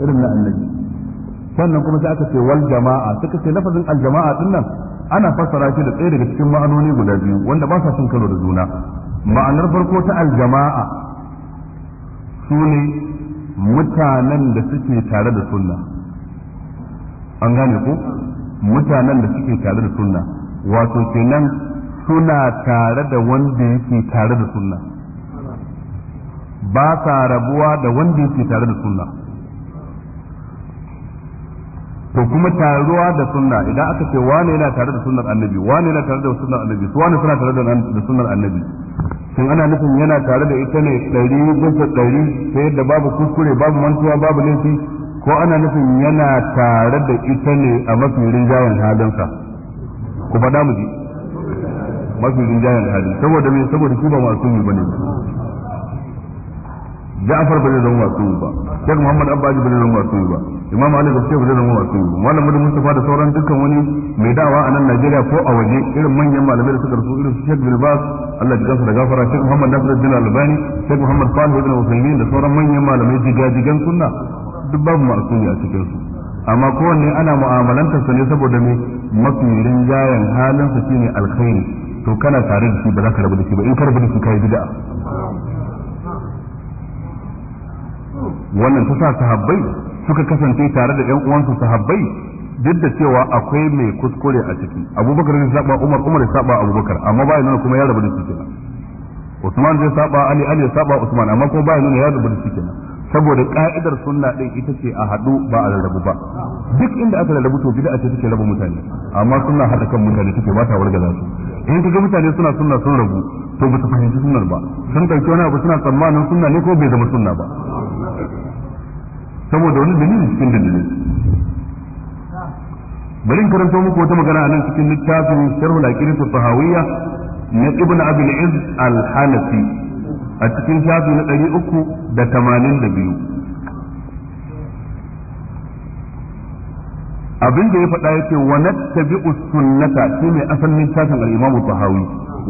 irin na annabi sannan kuma sai aka ce wal jama'a suka ce lafazin al jama'a din nan ana fassara shi da tsaye daga cikin ma'anoni guda biyu wanda ba sa cin karo da juna ma'anar farko ta al jama'a su ne mutanen da suke tare da sunna an gane ko mutanen da suke tare da sunna wato kenan suna tare da wanda yake tare da sunna ba sa rabuwa da wanda yake tare da sunna to kuma taruwa da sunna idan aka ce wane yana tare da sunnar annabi wane yana tare da sunnar annabi su wane suna tare da sunnar annabi shin ana nufin yana tare da ita ne ɗari bisa ɗari ta yadda babu kuskure babu mantuwa babu laifi ko ana nufin yana tare da ita ne a mafi rinjayen halinsa ku faɗa mu ji mafi rinjayen halin saboda me saboda shi ba masu yi ne. Ja'far ba zai zama wasu ba Sheikh Muhammad Abbaji ba zai zama wasu ba Imam Ali Gaske ba zai zama wasu ba Malam Mudu Mustafa da sauran dukkan wani mai dawa a nan Najeriya ko a waje irin manyan malamai da suka rasu irin su Sheikh Bilbas Allah ya gafara gafara Sheikh Muhammad Nasiruddin Albani Sheikh Muhammad Salih Ibn Uthaymeen da sauran manyan malamai jigajigan sunna duk babu ma'asumi a cikin su amma kowanne ana mu'amalantar sa ne saboda me mafi rinjayen halin sa shine alkhairi to kana tare da shi ba za ka rabu da shi ba in ka rabu da shi kai bid'a wannan ta sa sahabbai suka kasance tare da ɗan uwansu sahabbai duk da cewa akwai mai kuskure a ciki abubakar zai saba umar umar ya saba abubakar amma bayan nuna kuma ya rabu da shi kenan usman zai saba ali ali ya saba usman amma kuma bayan nuna ya rabu da shi kenan saboda ka'idar sunna din ita ce a haɗu ba a rarrabu ba duk inda aka rarrabu to bid'a ce take rabu mutane amma sunna hada kan mutane take ba ta warga za su in kaga mutane suna sunna sun rabu to ba su fahimci sunnar ba sun dauki wani abu suna tsammanin sunna ne ko bai zama sunna ba saboda wani dalili cikin dalilin bari in karanto muku wata magana nan cikin littafin sharhul aqidatu tahawiyya na ibn abi al-iz al-hanafi a cikin shafi na 382 abin da ya faɗa yake wa nattabi'u sunnata mai asalin littafin al-imam tahawi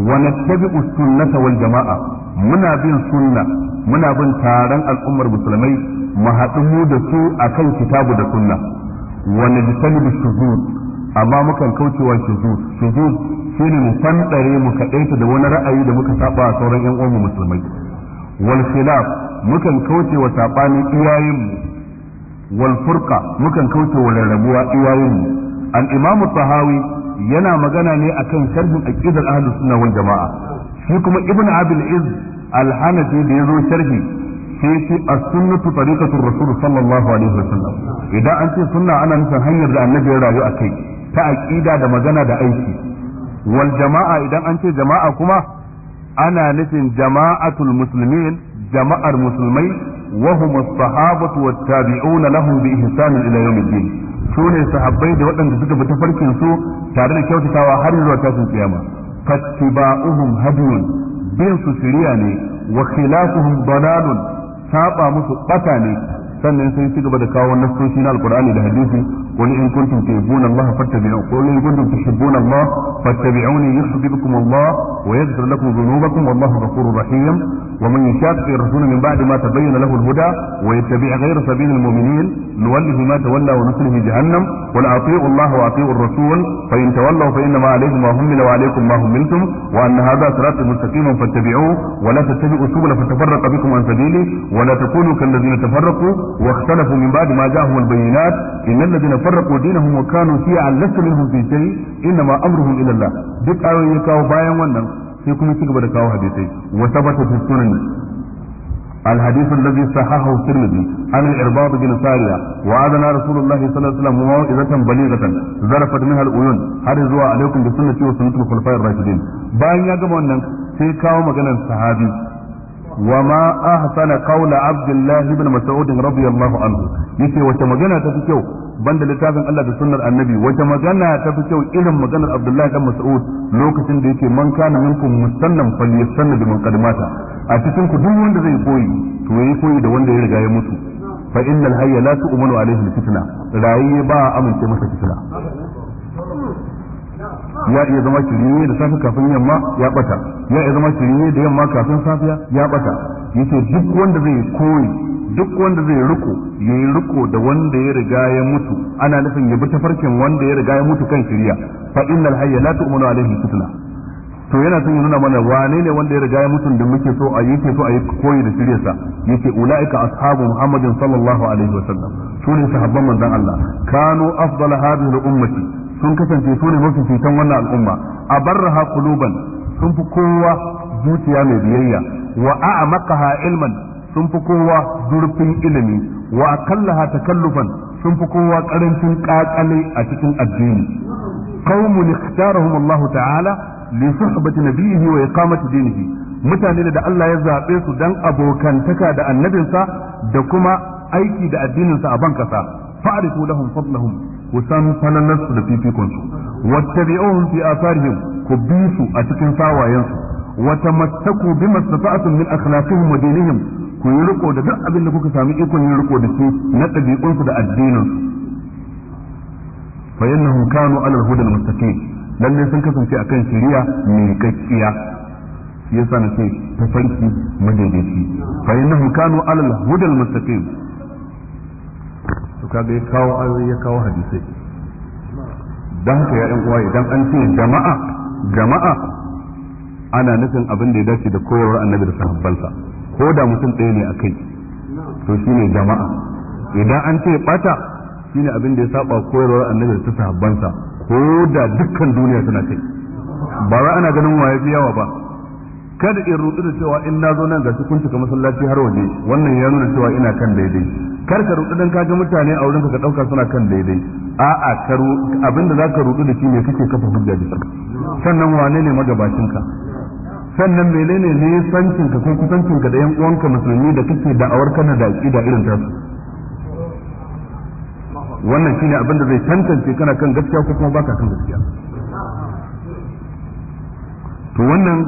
wa nattabi'u sunnata wal jama'a muna bin sunna muna bin taron al'ummar musulmai mu haɗu mu da su a kan kitabu da sunna wa da shuzuz amma mukan kaucewa shuzuz shi ne mu fandare mu kaɗaita da wani ra'ayi da muka saba a sauran yan uwan musulmai wal khilaf mukan kaucewa sabanin iyayen mu wal furqa mukan kaucewa rarrabuwa iyayen mu al imamu tahawi yana magana ne akan sharhin aqidar ahlus sunna wal jamaa shi kuma ibn abil izz alhanafi da ya zo sharhi sai ce as-sunnatu tariqatu rasul sallallahu alaihi wasallam idan an ce sunna ana nufin hanyar da annabi ya rayu a kai ta aqida da magana da aiki wal jama'a idan an ce jama'a kuma ana nufin jama'atul muslimin jama'ar musulmai wa hum as-sahabatu wat-tabi'una lahum bi ihsan ila yawmiddin su ne sahabbai da waɗanda suka bi tafarkin su tare da kyautatawa har zuwa tashin kiyama fattiba'uhum hadiyun bin su shirya ne wa khilafuhum dalalun saba musu bata ne sannan sai ci gaba da kawo nassoshi na alqur'ani da hadisi قل إن كنتم تحبون الله فاتبعوني قل إن كنتم تحبون الله فاتبعوني يحببكم الله ويغفر لكم ذنوبكم والله غفور رحيم ومن يشاقق الرسول من بعد ما تبين له الهدى ويتبع غير سبيل المؤمنين نوله ما تولى ونصله جهنم قل أطيعوا الله وأطيعوا الرسول فإن تولوا فإنما عليهم ما همل وعليكم ما هملتم وأن هذا صراط مستقيما فاتبعوه ولا تتبعوا السبل فتفرق بكم عن سبيله ولا تكونوا كالذين تفرقوا واختلفوا من بعد ما جاءهم البينات إن الذين فرقوا دينهم وكانوا شيعا لست منهم في شيء انما امرهم الى الله duk ayoyi kawo bayan wannan sai kuma ci gaba da kawo hadisai wa sabata fi sunan الحديث الذي صححه الترمذي عن الإرباض بن سارية وأذن رسول الله صلى الله عليه وسلم موعظة بليغة ذرفت منها العيون حرزوا عليكم بسنتي وسنة الخلفاء الراشدين باين يا جماعة سيكاو مجانا الصحابي وما أحسن قول عبد الله بن مسعود رضي الله عنه يكي وتمجنا تفكيو banda littafin Allah da sunnar annabi wace magana ta fi kyau irin maganar Abdullahi dan Mas'ud lokacin da yake man kana minkum musallam falyastanna bi muqaddimata a cikin ku duk wanda zai koyi to yayi koyi da wanda ya riga ya mutu fa innal hayya la tu'minu alaihi fitna rayi ba amince masa fitna ya iya zama shirye da safe kafin yamma ya bata ya iya zama da yamma kafin safiya ya bata yace duk wanda zai koyi duk wanda zai riko ya yi riko da wanda ya riga ya mutu ana nufin ya bi ta farkin wanda ya riga ya mutu kan shirya fa innal hayya la tu'minu alaihi fitna to yana son ya nuna mana wane ne wanda ya riga ya mutu da muke so a yake so a yi koyi da shiryarsa yake ulaika ashabu muhammadin sallallahu alaihi wasallam su ne sahabban manzon Allah kanu afdal hadhihi ummati sun kasance su ne mafi fitan wannan al'umma a barraha quluban sun fi kowa zuciya mai biyayya wa a'maqaha ilman sun fi kowa zurfin ilimi wa kallaha takallufan sun fi kowa karancin kakale a cikin addini qaumun ikhtarahum Allah ta'ala li suhbati nabiyhi wa iqamati dinihi mutane da Allah ya zabe su dan abokantaka da annabinsa da kuma aiki da addininsa a ban kasa fa'rifu lahum fadlahum kusan falalarsu da fifikonsu wattabi'uhum fi atharihim ku bi su a cikin sawayensu وتمسكوا بما استطعتم من اخلاقهم ودينهم ku yi riko da duk abin da kuka sami ikon yin riko da su na ɗabi'unsu da addinin fa yannahum kanu ala al-huda al-mustaqim sun kasance akan shari'a mai kakkiya yasa na ce tafarki madaidaici fa yannahum kanu ala al-huda al-mustaqim to kaga ya kawo ayoyi ya kawo hadisai dan haka ya yan uwa idan an ce jama'a jama'a ana nufin abin da ya dace da koyarwar annabi da sahabbansa ko da mutum ɗaya ne a kai to shi ne jama'a idan an ce bata shine abin da ya saba koyarwar annabi ta sahabbansa ko da dukkan duniya suna kai ba za ana ganin waye fi yawa ba kada in rutu da cewa in nazo nan ga kun cika masallaci har waje wannan ya nuna cewa ina kan daidai kar ka rutu dan ka ga mutane a wurin ka dauka suna kan daidai a'a ka abinda zaka rutu da shi ne kake kafa hujja da shi sannan wane ne magabacin ka sannan menene ne sancin ka ko kusancin ka da yan uwanka musulmi da kake da'awar kana da aqida irin ta wannan shine abin da zai tantance kana kan gaskiya ko kuma baka kan gaskiya to wannan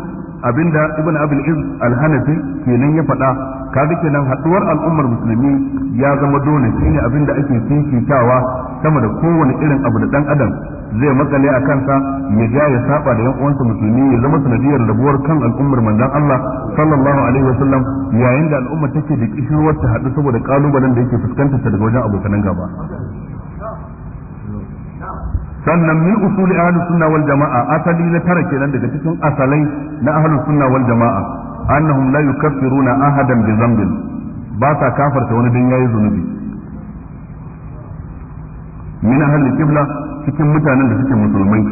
abinda ibn abul iz al-hanafi kenan ya faɗa kaga kenan haduwar al'ummar musulmi ya zama dole shine abin da ake fifitawa sama da kowane irin abu da dan adam zai matsale a kansa ya ja ya saba da yan uwansa musulmi ya zama sanadiyar rabuwar kan al'ummar manzon Allah sallallahu alaihi wasallam yayin da al'umma take da kishirwar ta hadu saboda kalubalen da yake fuskanta ta daga wajen abokan gaba sannan min usuli ahlus sunna wal jamaa asali na tara kenan daga cikin asalai na ahlus sunna wal jamaa annahum la yukaffiruna ahadan bi dhanbin ba sa kafarta wani dan yayi zunubi min ahli qibla cikin mutanen da suke musulmai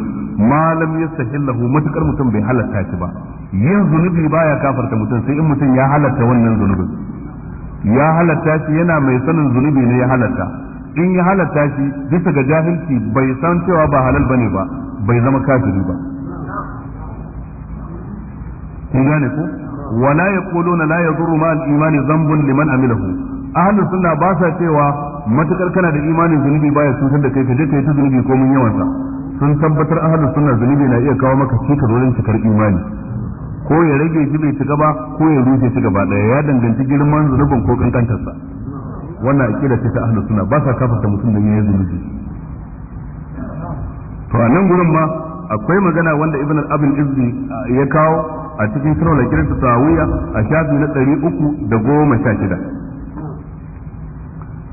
ma lam yastahillahu matukar mutum bai halatta shi ba yin zunubi baya kafarta mutum sai in mutum ya halatta wannan zunubin ya halatta shi yana mai sanin zunubi ne ya halatta in ya halatta shi bisa ga jahilci bai san cewa ba halal bane ba bai zama kafiri ba kun gane ko wala yaquluna la yadurru ma al-iman dhanbun liman amilahu ahlus sunna ba sa cewa matukar kana da imanin zunubi baya cutar da kai ka je kai ta zunubi ko mun yawan sa sun tabbatar ahlus sunna zunubi na iya kawo maka cikar wurin cikar imani ko ya rage shi bai shiga ba ko ya rushe ci gaba daya ya danganci girman zunubin ko kankantarsa wannan aqida ce ta ahlus sunna ba sa kafarta mutum da yayin zunubi to a nan gurin ma akwai magana wanda ibn al-abin izzi ya kawo a cikin kiran ta tawiya a shafi na ɗari uku da goma sha shida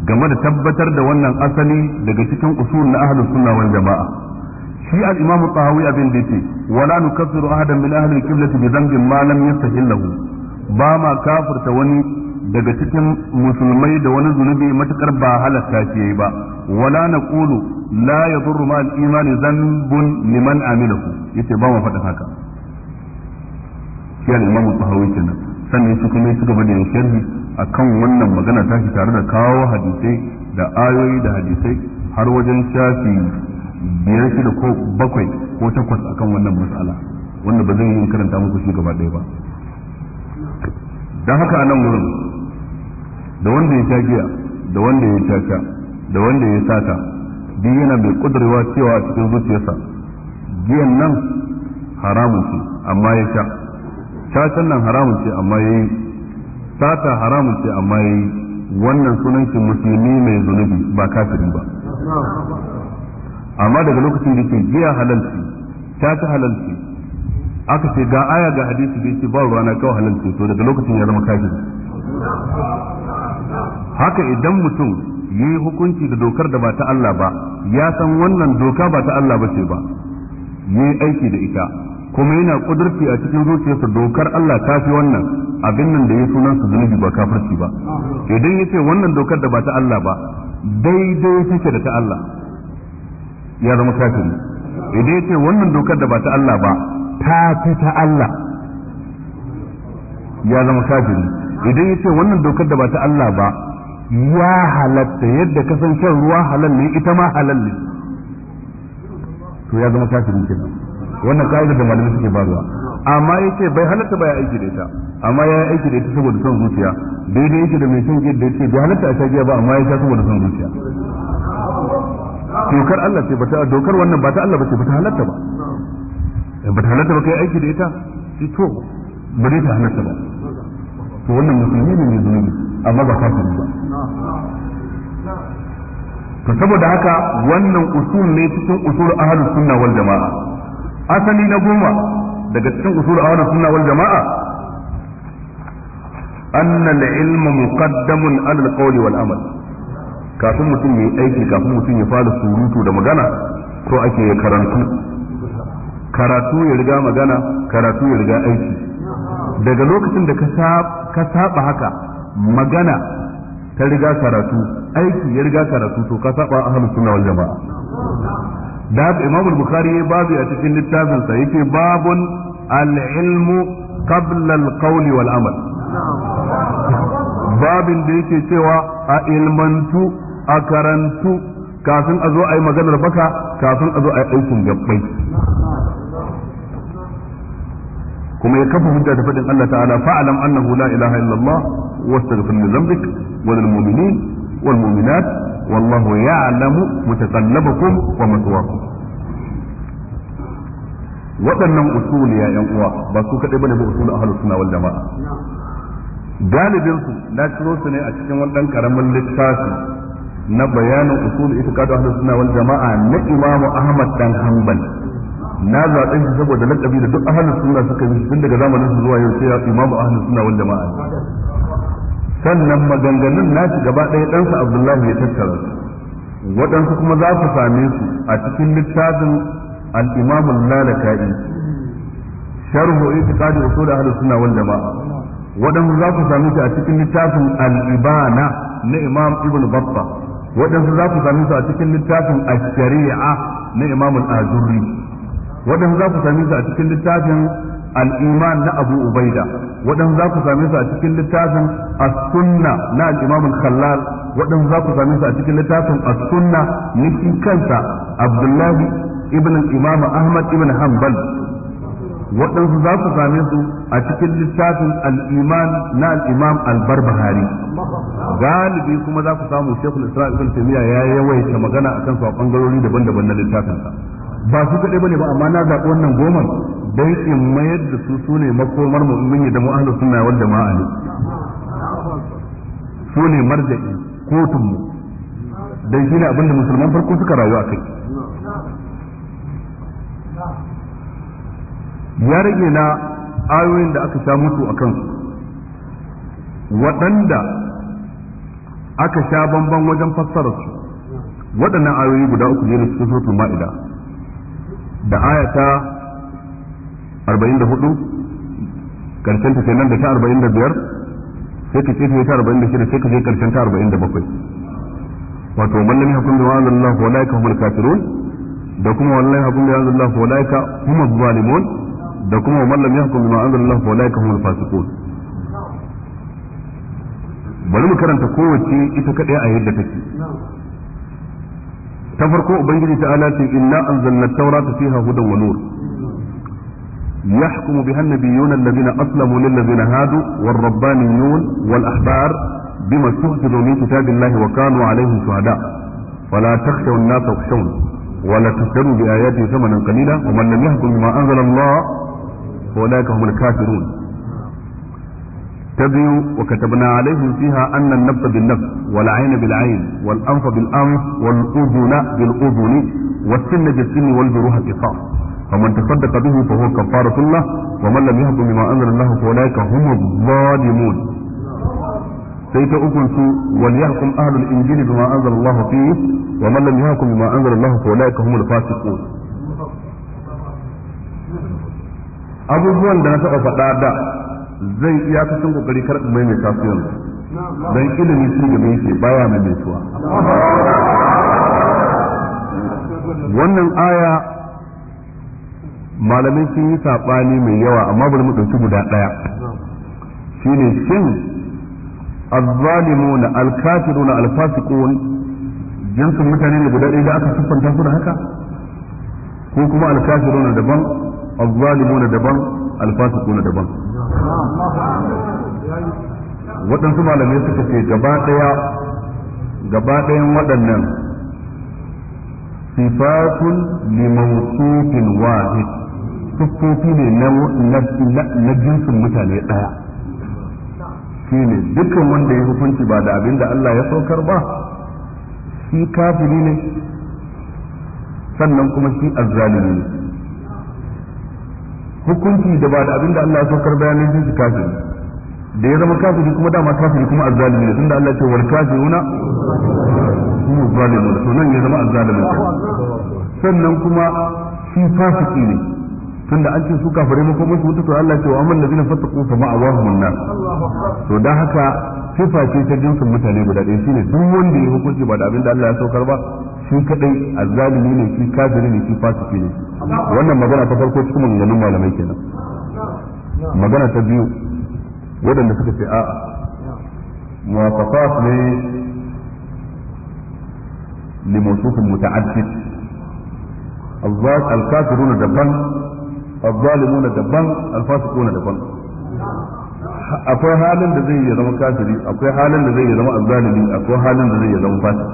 game da tabbatar da wannan asali daga cikin usul na ahlus sunna wal jama'a shi al-imam tahawi abin da yake wala nukaffiru ahadan min ahli al-qiblati bi dhanbin ma lam yastahillahu ba ma kafirta wani daga cikin musulmai da wani zunubi matukar ba halatta shi yayi ba wala naqulu la yadurru ma al-imani dhanbun liman amilahu yace ba mu faɗi haka kiyar al-imamu tahawi kenan sannan su kuma suka bada sharhi akan wannan magana ta shi tare da kawo hadisai da ayoyi da hadisai har wajen shafi biyar shida ko bakwai ko takwas akan wannan mas'ala wanda ba zan yi karanta muku shi gaba ɗaya ba don haka a nan wurin da wanda ya sha giya da wanda ya caca da wanda ya sata duk yana mai kudurwa cewa a cikin zuciyarsa giyan nan haramun shi amma ya sha cacan nan haramun ce amma yayi sata haramun ce amma yayi wannan sunan shi musulmi mai zunubi ba kafirin ba amma daga lokacin da ke giya halalci ta halalci aka ce ga aya ga hadisi da yake ba rana kawai halalci to daga lokacin ya zama kafiri haka idan mutum yi hukunci da dokar da ba ta Allah ba ya san wannan doka ba ta Allah ba ce ba yi aiki da ita kuma yana kudurci a cikin zuciyarsa dokar Allah ta fi wannan abin nan da ya sunan su zunubi ba kafirci ba idan ya ce wannan dokar da ba ta Allah ba daidai take da ta Allah ya zama kafiri idan ya ce wannan dokar da ba ta Allah ba ta fi ta Allah ya zama kafiri idan ya ce wannan dokar da ba ta Allah ba ya halatta yadda kasan shan ruwa halal ne ita ma halal ne to ya zama kafiri kenan wannan ka'ida da malamai suke barwa amma ce bai halatta ba ya aiki da ita amma ya aiki da ita saboda son zuciya daidai yake da mai son yadda ya ce bai halatta a sha ba amma ya sha saboda son zuciya dokar Allah ce bata dokar wannan ba Allah bace bata halatta ba eh, bata halatta ba kai aiki da ita shi to ba ta halatta ba to wannan musulmi ne mai zunubi amma ba kafiri ba to saboda haka wannan usul ne cikin usul ahlus sunna wal jamaa asali na goma daga cikin usul ahlu sunna wal jama'a anna al-ilm muqaddamun ala al-qawl wal amal kafin mutum yi aiki kafin mutum ya fara surutu da magana to ake karatu karatu ya riga magana karatu ya riga aiki daga lokacin da ka saba haka magana ta riga karatu aiki ya riga karatu to ka saba ahlus sunna wal jama'a da haka imamul bukhari ya babu a cikin littafin yake babun al-ilmu wal amal babin yake cewa a ilmantu a karantu kafin a zo a yi maganar baka kafin a zo a yi aikin gabbai kuma ya kafa hujja da faɗin Allah ta'ala fa'alam annahu la ilaha illallah wastaghfir li wallahu ya'lamu mutaqallabakum wa maswaakum waɗannan usuli ya 'ƴan uwa ba su kaɗai bane ba usul ahlus sunna wal jama'a galibin su na ciro su ne a cikin wannan karamin littafi na bayanin usul itiqad ahlus sunna wal jama'a na Imam Ahmad dan Hanbal na zaɓe shi saboda lakabi da duk ahlus sunna suka yi tun daga zamanin su zuwa yau sai Imam Ahlus sunna wal jama'a sannan maganganun nashi gaba ɗaya ɗansa abdullahi ya tattara su waɗansu kuma za su same su a cikin littafin lalata'i. imam al-lalaka'i sharhu i'tiqadi usul ahli sunna wal jama'a waɗansu za ku same su a cikin littafin al-ibana na imam ibn babba waɗansu za ku same su a cikin littafin ash-shari'a na imam al-azuri waɗansu za ku same su a cikin littafin al-iman na Abu Ubaida wadan za ku same su a cikin littafin as-sunna na al-Imam al-Khallal wadan za ku same su a cikin littafin as-sunna niki kansa Abdullahi ibn imam Ahmad ibn Hanbal waɗansu za ku same su a cikin littafin Al-Iman na Al-Imam al'imam albarbahari galibi kuma za ku samu shekul islam ibn taymiya ya yawaita magana akan su a bangarori daban-daban na littafinsa ba su kaɗai bane ba amma na zaɓi wannan goma dan in mayar da su su ne makomar mu mun yi da mu ahlus sunna wal jama'a ne su ne marja'i kotun mu dan ne abinda musulman farko suka rayu a kai ya rage na ayoyin da aka sha mutu a kansu waɗanda aka sha bamban wajen fassara su waɗannan ayoyi guda uku ne da cikin suratul ma'ida da ayata arba'in da hudu karshen ta kenan da ta arba'in da biyar sai ka kefe ta arba'in da shida sai ka je karshen ta arba'in da bakwai wato man lam yahkum bima anzala Allah ulaika humul kafirun da kuma wallahi hakum bima anzala Allah ulaika humuz zalimun da kuma man lam yahkum bima anzala Allah ulaika humul fasiqun bari mu karanta kowace ita kadai a yadda take ta farko ubangiji ta ala ce inna anzalna tawrata fiha hudan wa nur يحكم بها النبيون الذين أسلموا للذين هادوا والربانيون والأحبار بما استحفظوا من كتاب الله وكانوا عليهم شهداء فلا تخشوا الناس واخشون ولا تشتروا بآياته ثمنا قليلا ومن لم يحكم بما أنزل الله فأولئك هم الكافرون تبيو وكتبنا عليهم فيها أن النفس بالنفس والعين بالعين والأنف بالأنف والأذن بالأذن والسن بالسن والجروح قصاص فمن تصدق به فهو كفارة الله ومن لم يحكم بما أنزل الله فأولئك هم الظالمون sai ta ukun su wal yahkum ahlul injili bima anzala Allah fi wa man lam yahkum bima anzala abubuwan da na taɓa faɗa da zai iya cikin kokari kar mai mai safiyan dan ilimi shi da yake baya mai mai tuwa wannan aya malamai sun yi saɓani mai yawa amma bari mu ɗauki guda ɗaya shine shin alkafiru na alfasikun jinsin mutane ne guda ɗaya da aka siffanta su da haka ko kuma na daban na daban na daban waɗansu malamai suka ce gaba ɗaya gaba ɗayan waɗannan sifatun limautufin wahid siffofi ne na jinsin mutane ɗaya shi ne dukkan wanda ya hukunci ba da abin da Allah ya saukar ba shi kafiri ne sannan kuma shi azzalimi ne hukunci da ba da abin da Allah ya saukar ba bayanin jinsi kafiri da ya zama kafiri kuma dama kafiri kuma azzalimi ne tunda Allah ya ce wal kafiruna hum zalimun to nan ya zama azzalimi. sannan kuma shi fasiki ne tunda an ce su kafare mu ko musu wuta to Allah ce wa amman ladina fattaqu fa ma'awahum an to dan haka sifa ce ta jinsin mutane guda ɗaya shine duk wanda ya hukunci ba da abin da Allah ya saukar ba shi kadai azzalimi ne shi kafiri ne shi fasiki ne wannan magana ta farko cikin maganganun malamai kenan magana ta biyu waɗanda suka ce a'a muwafaqat ne li mawsufin muta'addid الكافرون daban azzalimuna daban alfasiquna daban akwai halin da zai zama kafiri akwai halin da zai zama azzalimi akwai halin da zai zama fasik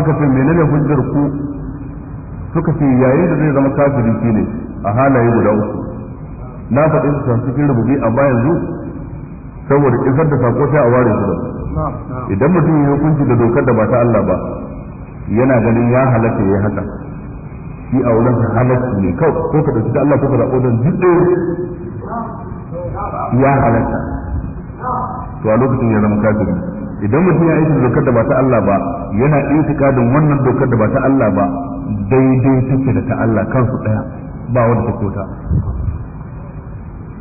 aka ce menene hujjar ku suka ce yayin da zai zama kafiri shine a halaye guda uku na faɗi su san cikin a bayan zu saboda isar da sako sai a ware su ba idan mutum ya hukunci da dokar da ba ta Allah ba yana ganin ya halatta ya haka shi a wurin halarci ne kawai ko ka dauki da Allah ko ka zaɓo don jiɗe ya halarta to a lokacin ya zama kafiri idan mutum ya aiki dokar da ba ta Allah ba yana itikadin wannan dokar da ba ta Allah ba daidai take da ta Allah kansu ɗaya ba wanda ta kota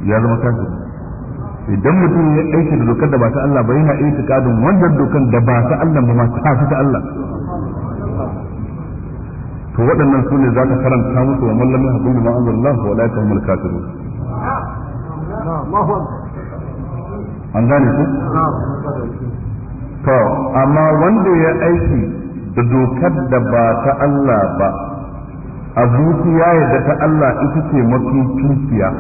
ya zama kafiri idan mutum ya aiki da dokar da ba ta Allah ba yana itikadin wannan dokar da ba ta Allah ba ma ta Allah to waɗannan su ne za ka karanta musu wa mallami hakun da ma'azin Allah wa laifin yatahumul kafirun an gane ku to amma wanda ya aiki da dokar da ba ta Allah ba a zuciya da ta Allah ita ce mafi tuciya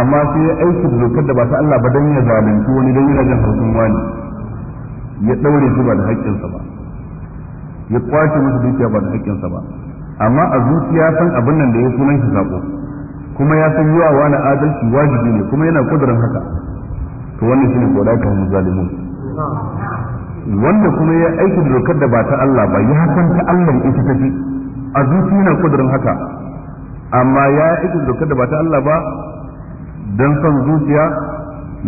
amma sai ya aiki da dokar da ba ta Allah ba don ya zalunci wani don yi rajin haushin wani ya ɗaure shi ba da haƙƙinsa ba ya kwace masa dukiya ba da hakkinsa ba amma a zuciya san abin nan da ya sunan shi sako kuma ya san yawa wani adalci wajibi ne kuma yana kudurin haka to wannan shine goda ka mu zalimun wanda kuma ya aiki da dokar da ba ta Allah ba ya san ta Allah ita take a zuciya yana kudurin haka amma ya aiki da dokar da ba ta Allah ba dan son zuciya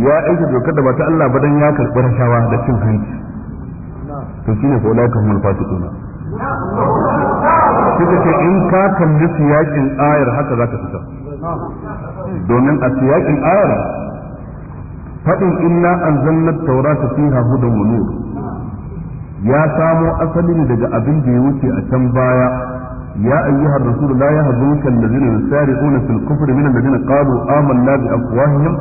ya aiki da dokar da ba ta Allah ba dan ya karɓar rashawa da cin hanci to shine ko laika humul fasiquna in ka kalli siyakin ayar haka zaka fita domin a siyakin ayar fadin inna anzalna taurata fiha hudan wa nur ya samo asali ne daga abin da ya wuce a can baya ya ayyuhar rasul la yahzunka alladhina yusari'una fil kufri min alladhina qalu amanna bi afwahihim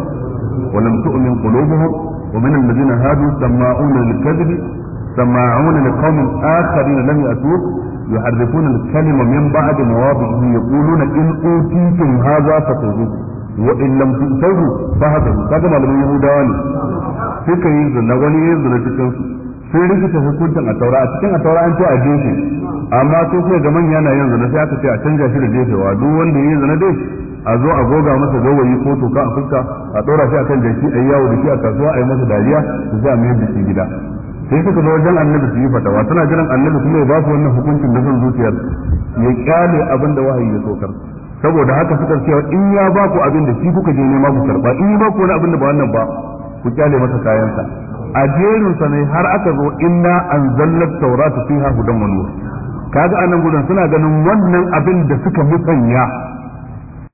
wa lam tu'min qulubuhum wa min alladhina hadu sama'una lil kadhibi سماعون لقوم آخرين لم يأتوك يحرفون الكلمة من بعد مواضعه يقولون إن أوتيتم هذا فخذوه وإن لم تؤتوه فهدوا هذا معلوم يهوداني suka ينزل نغني ينزل ya zina cikin sun hukuncin a taura a cikin a taura an ce a jefe amma to kuma ga manya na yanzu na sai aka ce a canja shi da jefewa duk wanda ya yi zina dai a zo a goga masa gawayi ko toka a fuska a ɗora shi a kan jaki a yi yawo da shi a kasuwa a yi masa dariya su za a mai biki gida sai suka zo wajen annabi su yi fatawa suna jiran annabi kuma ya ba su wannan hukuncin da zan zuciyar ya kyale abin da wahayi ya sokar saboda haka suka cewa in ya ba ku abin da shi kuka je nema ku karba in ya ba ku wani abin da ba wannan ba ku kyale masa kayansa a jerin sa ne har aka zo inna anzalnat tawrata fiha hudan wa nur kaga anan gudan suna ganin wannan abin da suka musanya